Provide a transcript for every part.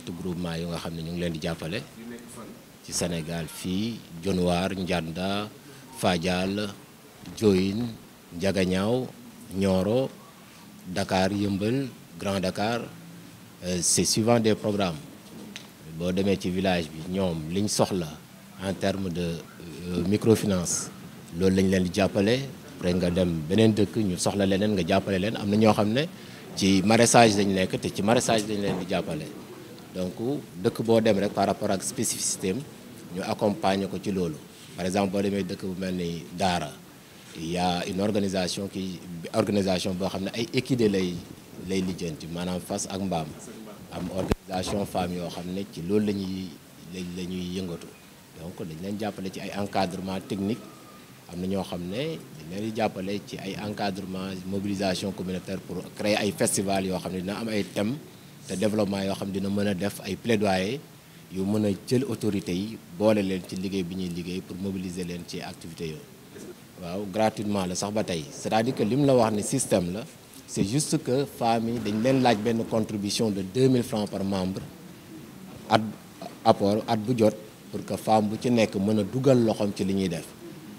ñett groupement yu nga xam ne ñu ngi leen di jàppale ci Sénégal fii Dionewar Ndianda Fadial joyin Ndiaganiao Nioro dakaar Yeumbeul Grand Dakar euh, c'est suivant des programmes boo demee ci village bi ñoom liñ soxla en terme de euh, microfinance loolu lañ leen di jàppale après nga dem beneen dëkk ñu soxla leneen nga jàppale leen am na ñoo xam ne ci maraîchage lañ nekk te ci maraîchage lañ leen di jàppale donc dëkk boo dem rek par rapport ak spécificité am ñu accompagner ko ci loolu par exemple boo demee dëkk bu mel ni Daara y une organisation qui organisation boo xam ne ay équidés lay lay lijjanti maanaam fas ak mbaam am organisation femmes yoo xam ne ci loolu la ñuy la ñuy yëngatu donc dañ leen jàppale ci ay encadrement technique am na ñoo xam ne dañ leen jàppale ci ay encadrement mobilisation communautaire pour créer ay festival yoo xam ne dina am ay thèmes te développement yoo xam dina mën a def ay plaidoyer yu mën a jël autorités yi boole leen ci liggéey bi ñuy liggéey pour mobiliser leen ci activité yooyu. waaw gratuitement la sax ba tey c'est-à-dire que li mu la wax ni système la c'est juste que femmes yi dañ leen laaj benn contribution de mille francs par membre at apport at bu jot pour que femme bu ci nekk mën a dugal loxoom ci li ñuy def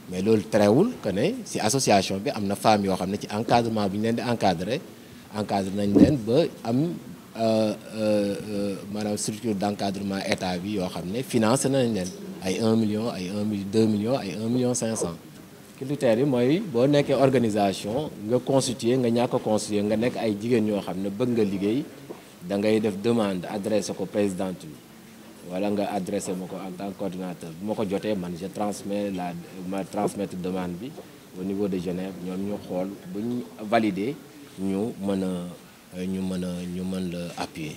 mais loolu terewul que ne si association bi am na femmes yoo xam ne ci encadrement bi leen di encadrer encadré nañ leen ba am. Euh, euh, euh, maanaam structure d'encadrement état bi yoo xam ne financé nañ leen ay 1 million ay 1 million 2 millions ay 1 million 500 critères yi mooy boo nekkee organisation nga constituer nga ñàkk a constituer nga nekk ay jigéen ñoo xam ne bëgg nga liggéey da ngay def demande adressé ko présidente bi wala nga adressé ma ko en tant que coordinateur bu ma ko jotee man je transmets la ma transmettre demande bi au niveau de Genève ñoom ñu xool bu ñu validé ñu mën a ñu mën a ñu mën la appuyer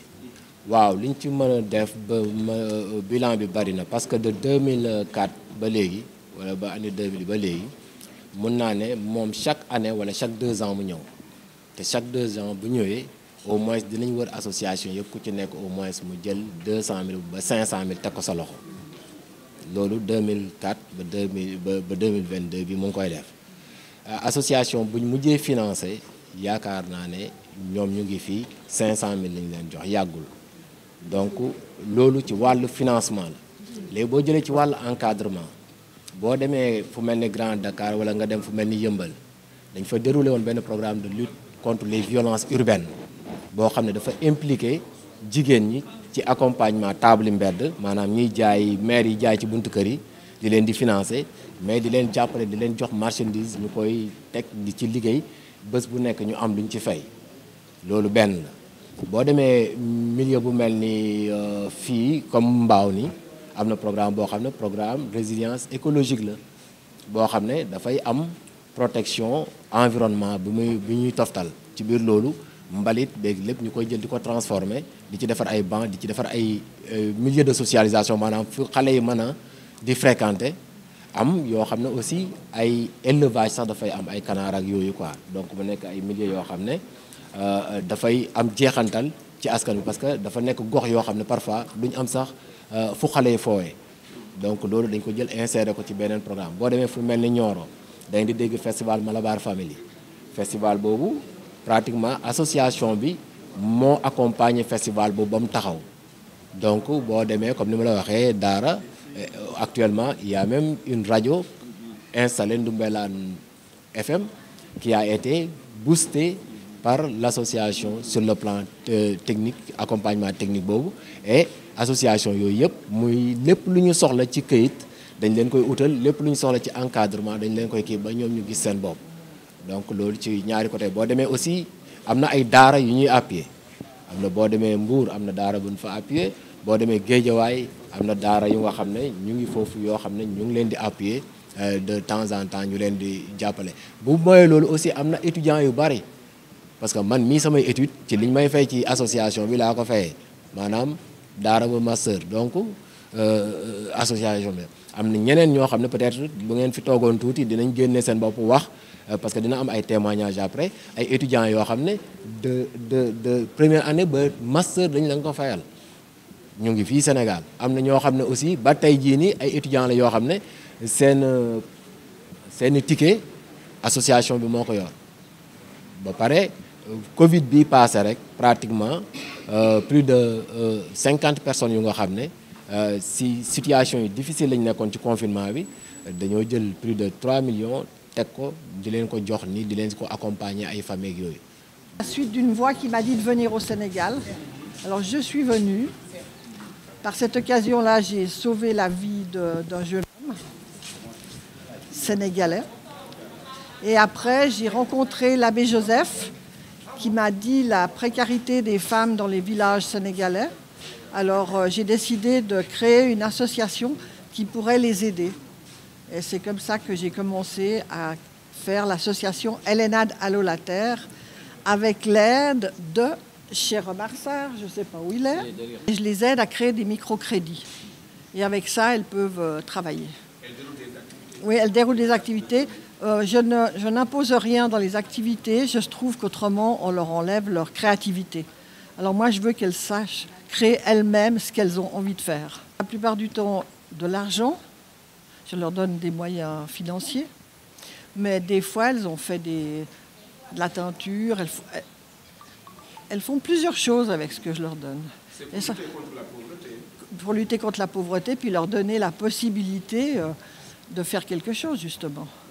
waaw li ñu ci mën a def ba bilan bi bari na parce que de mille 2004 ba léegi wala ba année 2000 ba léegi mun naa ne moom chaque année wala chaque deux ans mu ñëw te chaque deux ans bu ñëwee au moins dinañ wër association yëpp ku ci nekk au moins mu jël 200000 ba cinq cent 500000 teg ko sa loxo loolu 2004 ba deux mille ba ba 2022 bi mu ngi koy def euh, association buñ mujjee financé yaakaar naa ne. ñoom ñu ngi fii 500000 lañ leen jox yàggul donc loolu ci wàllu financement la léegi boo jëlee ci wàllu encadrement boo demee fu mel ni grande Dakar wala nga dem fu mel ni Yëmbal dañ fa déroulé woon benn programme de lutte contre les violences urbaines boo xam ne dafa impliqué jigéen ñi ci accompagnement table mbedd maanaam ñiy jaay maire yi jaay ci buntu kër yi di leen di financer mais di leen jàppale di leen jox marchandise ñu koy teg di ci liggéey bés bu nekk ñu am luñ ci fay. loolu benn la boo demee milieu bu mel ni euh, fii comme mbaaw ni am na programme boo xam ne programme résilience écologique la boo xam ne dafay am protection environnement bi muy bi ñuy toftal ci biir loolu mbalit beeg lépp ñu koy jël di ko transformer di ci defar ay banc di ci defar ay euh, milieu de socialisation maanaam fu xale yi mën a di fréquenter am yoo xam ne aussi ay élevage sax dafay am ay kanaar ak yooyu quoi donc bu nekk ay milieu yoo xam ne Euh, dafay am jeexantal ci askan bi parce que dafa nekk gox yoo xam ne parfois duñ am sax euh, fu xale yi foowee donc loolu dañ ko jël insérer ko ci beneen programme boo demee fu mel ni ñooro dañ di dégg festival Malabar Family festival boobu pratiquement association bi moo accompagner festival boobu ba mu taxaw donc boo demee comme ni ma la waxee daara euh, actuellement il y a même une radio installée Ndoumbelane FM qui a été boostée par l'association sur le plan euh, technique accompagnement technique boobu e association yooyu yëpp muy lépp lu ñu soxla ci këyit dañu leen koy utal lépp lu ñu soxla ci encadrement dañ leen koy kii ba ñoom ñu gis seen bopp donc loolu ci ñaari côté boo demee aussi am na ay daara yu ñuy appuyer am na boo demee Mbour am na daara bu ñu fa appuyer boo demee Géejawaay am na daara yu nga xam ne ñu ngi foofu yoo xam ne ñu ngi leen di appuyer euh, de temps en temps ñu leen di jàppale bu mooyee loolu aussi am na étudiants yu bari parce que man mii samay étude ci liñ may fay ci association bi laa ko fayee maanaam daara ba master donc euh, euh, association bi am na ñeneen ñoo xam ne peut-être bu ngeen fi toogoon tuuti dinañ génnee seen bopp wax euh, parce que dina am ay témoignages après ay étudiants yoo xam ne de de de première année ba master dañ la ko fayal ñu ngi fii Sénégal am na ñoo xam ne aussi ba tey jii nii ay étudiants la yoo xam ne seen seen ticket association bi moo ko yor ba pare. Covid bi passé rek pratiquement euh, plus de euh, cinquante personnes yu nga xam ne euh, si situation yi difficile lañu nekkoon ci confinement bi dañoo jël plus de trois millions teg ko di leen ko jox ni di leen ko accompagner ay famille yooyu. À la suite d'une voix qui m'a dit de venir au Sénégal alors je suis venue par cette occasion-là j'ai sauvé la vie d'un jeune homme sénégalais et après j'ai rencontré l'abbé Joseph qui m'a dit la précarité des femmes dans les villages sénégalais. Alors euh, j'ai décidé de créer une association qui pourrait les aider. Et c'est comme ça que j'ai commencé à faire l'association Hélénade Allo la Terre avec l'aide de chez Remarsard, je ne sais pas où il est. Et je les aide à créer des microcrédits. Et avec ça, elles peuvent euh, travailler. elles déroulent des activités. Euh, je n'impose rien dans les activités, je trouve qu'autrement, on leur enlève leur créativité. Alors je veux qu'elles sachent créer elles-mêmes ce qu'elles ont envie de faire. La plupart du temps, de l'argent, je leur donne des moyens financiers, mais des fois, elles ont fait de la teinture, elles, font plusieurs choses avec ce que je leur donne. la pauvreté. Pour lutter contre la pauvreté, puis leur donner la possibilité euh, de faire quelque chose, justement.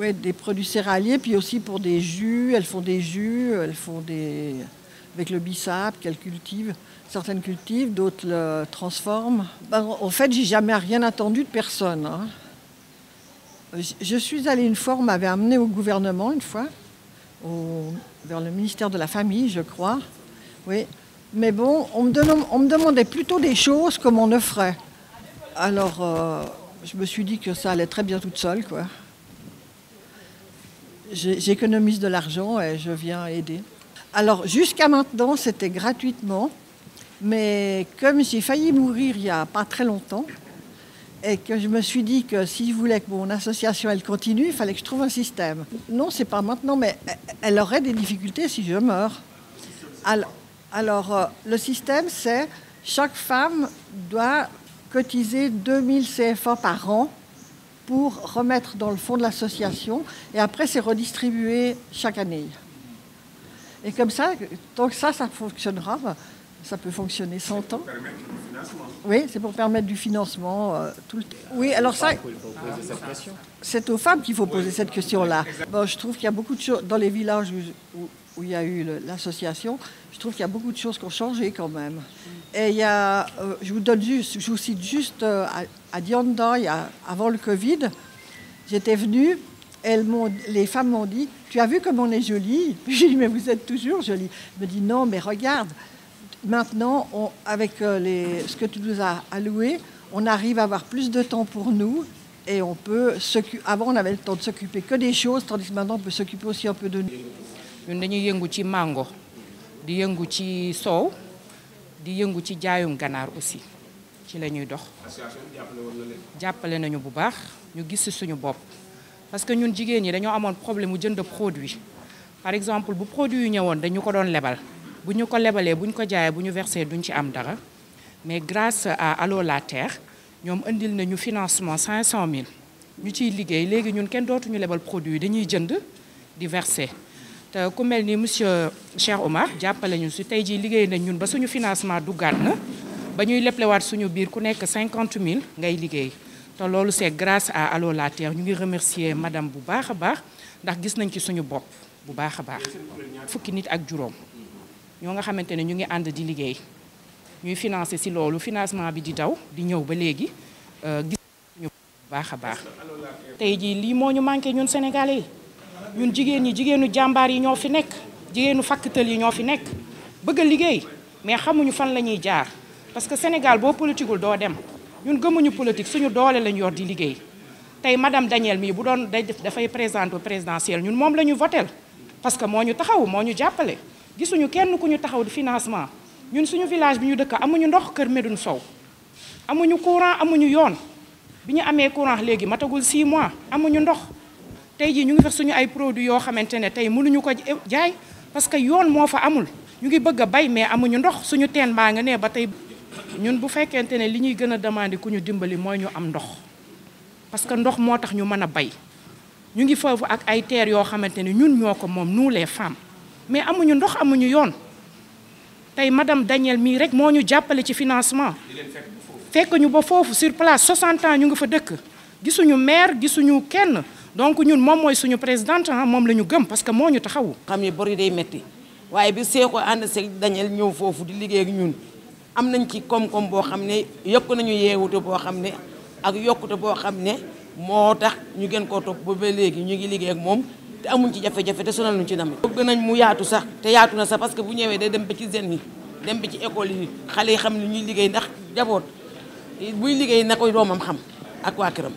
Oui, des produits céréaliers, puis aussi pour des jus. Elles font des jus, elles font des. avec qu'elles cultivent. Certaines cultivent, d'autres le transforment. en fait, j'ai jamais rien attendu de personne. Je suis allée une fois, on m'avait amenée au gouvernement une fois, vers le ministère de la Famille, je crois. Oui. Mais on me, demandait plutôt des choses comme on offrait. Alors, euh, je me suis dit que ça allait très bien toute seule, j'économise de l'argent et je viens aider. Alors jusqu'à maintenant, c'était gratuitement, mais comme j'ai failli mourir il n'y a pas très longtemps, et que je me suis dit que si je voulais que mon association continue, il fallait que je trouve un système. Non, c'est pas maintenant, mais elle aurait des difficultés si je meurs. Alors, euh, le système, c'est chaque femme doit cotiser 2000 CFA par an pour remettre dans le fonds de l'association et après c'est redistribué chaque année. Et comme ça, tant que ça, ça fonctionnera, ça peut fonctionner 100 ans. Oui, c'est pour permettre du financement. Euh, tout le... Oui, alors ça, c'est aux femmes qu'il faut poser cette question-là. Bon, je trouve qu'il y a beaucoup de choses dans les villages où, où, où il y a eu l'association. Je trouve qu'il y a beaucoup de choses qui ont changé quand même. Et il y a, euh, je vous donne juste, je juste euh, à, Diondoy, avant le Covid, j'étais venue, elles les femmes m'ont dit Tu as vu comme on est jolie J'ai dit Mais vous êtes toujours jolie. Elle me dit Non, mais regarde, maintenant, on, avec euh, les, ce que tu nous as alloué, on arrive à avoir plus de temps pour nous et on peut Avant, on avait le temps de s'occuper que des choses, tandis que maintenant, on peut s'occuper aussi un peu de nous. di yëngu ci jaayum ganaar aussi ci la ñuy dox jàppale nañu bu baax ñu gis ci suñu bopp parce que ñun jigéen ñi dañoo amoon problème mu jënd produit par exemple bu produit yu ñëwoon dañu ko doon lebal bu ñu ko lebalee bu ko jaayee bu ñu versee duñ ci am dara mais grace à Allô la Terre ñoom indil nañu financement 500000 ñu ciy liggéey léegi ñun kenn dootuñu lebal produit dañuy jënd di versé te ku mel ni monsieur Cheikh Omar jàppale ñu si tey jii liggéey nañ ñun ba suñu financement duggaat na ba ñuy leplewaat suñu biir ku nekk cinquante mille ngay liggéey te loolu c'est grace à Allô la Terre ñu ngi remercier madame bu baax a baax ndax gis nañ ci suñu bopp bu baax a baax fukki nit ak juróom ñoo nga xamante ne ñu ngi ànd di liggéey ñuy financé si loolu financement bi di daw di ñëw ba léegi euh, gis nañ baax a baax tey jii lii moo ñu manqué ñun sénégalais yi ñun jigéen ñi jigéenu jàmbaar yi ñoo fi nekk jigéenu fakk fakkatal yi ñoo fi nekk bëgg liggéey mais xamuñu fan la ñuy jaar parce que Sénégal boo politikul doo dem ñun gëmuñu politique suñu doole lañ yor di liggéey tey madame Daniel mii bu doon day def dafay présenté présidentielle ñun moom la ñu votel parce moo ñu taxaw moo ñu jàppale gisuñu kenn ku ñu taxaw di financement ñun suñu village bi ñu dëkk amuñu ndox kër Medoune Sow amuñu courant amuñu yoon bi ñu amee courant léegi matagul 6 mois amuñu ndox tey jii ñu ngi fa suñu ay produits yoo xamante ne tey mënuñu ko jaay parce que yoon moo fa amul ñu ngi bëgg a bay mais amuñu ndox suñu teen maa nga nee ba tey ñun bu fekkente ne li ñuy gën a demandé ku ñu dimbali mooy ñu am ndox parce que ndox moo tax ñu mën a bay ñu ngi foofu ak ay terres yoo xamante ne ñun ñoo ko moom nuulee les femmes mais amuñu ndox amuñu yoon tey madame Daniel mii rek moo ñu jàppale ci financement fekk ñu ba foofu sur place 60 ans ñu ngi fa dëkk gisuñu maire gisuñu kenn donc ñun moom mooy suñu présidente ah moom lañu gëm parce que moo ñu taxawu. xam ni bor day metti waaye bi Seeko ànd seeg Daniel ñëw foofu di liggéey ak ñun am nañ ci koom-koom boo xam ne yokk nañu yeewute boo xam ne ak yokkute boo xam ne moo tax ñu gën koo topp ba léegi ñu ngi liggéey ak moom te amuñ ci jafe-jafe te sonal ñu ci damit bëgg nañ mu yaatu sax te yaatu na sax parce que bu ñëwee day dem ba ci jeunes yi dem ba ci école yi xale yi xam ne ñuy liggéey ndax jaboot buy liggéey na koy doomam xam ak waa këram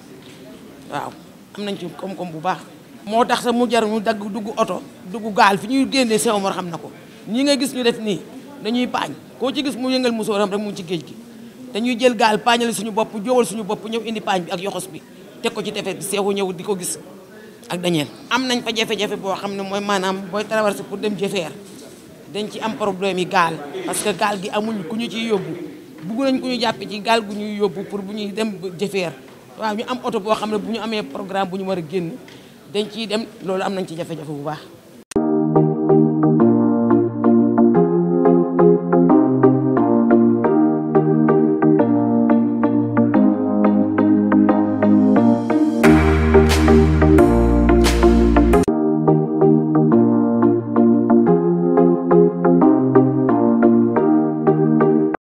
waaw am nañ ci koom-koom bu baax moo tax sax mu jar mu dagg dugg oto dugg gaal fi ñuy génnee Cheikh Omar xam na ko ñi nga gis ñu def nii dañuy paañ koo ci gis mu yëngal musóoram rek mu ci géej gi dañuy jël gaal paañale suñu bopp joowal suñu bopp ñëw indi paañ bi ak yoxos bi teg ko ci tefes bi seexu ñëw di ko gis ak dañeen am nañ fa jafe-jafe boo xam ne mooy maanaam booy traversé pour dem jëfeer dañ ci am problème yi gaal parce que gaal gi amuñ ku ñu ciy yóbbu bugg nañ ku ñu jàppe ci gaal gu ñuy yóbbu pour bu ñuy dem jëfeer waaw ñu am oto boo xam ne bu ñu amee programme bu ñu war a génn dañ ciy dem loolu am nañ ci jafe-jafe bu baax